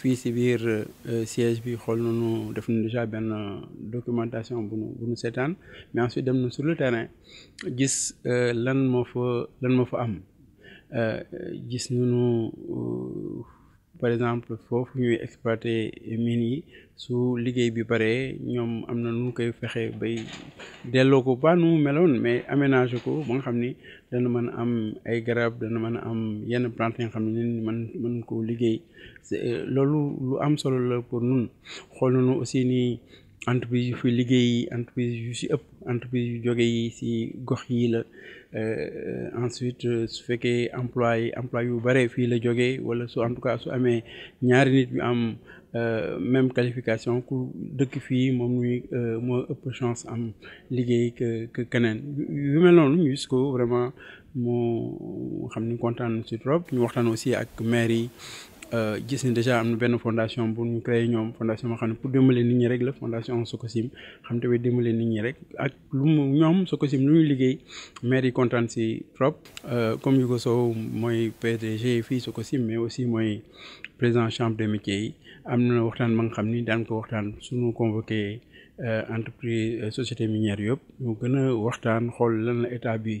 fii si biir euh, siège bi xool nañu def nañu déjà ben documentation bu nu bu nu seetaan mais ensuite dem na sur le terrain gis euh, lan mo fa lan mo fa am gis nañu par exemple foofu ñuy exploité mines yi su liggéey bi paree ñoom am na nu koy fexe bay delloo ko pas nu mu meloon mais aménagé ko ba nga xam ni dana mën a am ay garab dana mën a am yenn plante yi nga xam ne ni mën mën koo liggéey euh, loolu lu am solo la pour nun xool nañu aussi nii entreprise entreprise yu si ëpp entreprise yu jóge yi si yi la euh, ensuite euh, su fekkee emploi yi yu bare fii la jóge wala su en tout cas su amee ñaari nit ñu am euh, même qualification ku dëkk fii moom ñuy ëpp chance am que que yu mel ñu vraiment moo trop ñu aussi ak maire Euh, gis ni déjà am na benn fondation bu ñu créé ñoom fondation boo xam ne pour dimbale nit ñi rek la fondation Sococim xam tamit dimbale nit ñi rek ak lu mu ñoom Sococim lu ñu liggéey maire yi kontaan si trop euh, comme yu ko Sow mooy PDG fii Sococim mais aussi mooy président chambre des métiers yi am na waxtaan ma nga xam ni daan ko waxtaan suñu convoqué euh, entreprise société minière yëpp ñu gën a waxtaan xool lan la état bi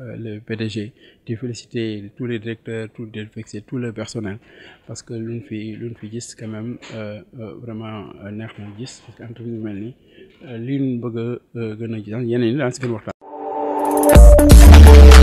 Euh, le PDG de féliciter tous les directeurs tous les directeurs tout le personnel parce que l'une fille, fi lu juste gis quand même euh, euh, vraiment neex na gis parce que l'une, bu mel nii li ñu bëgg a gën a yeneen yi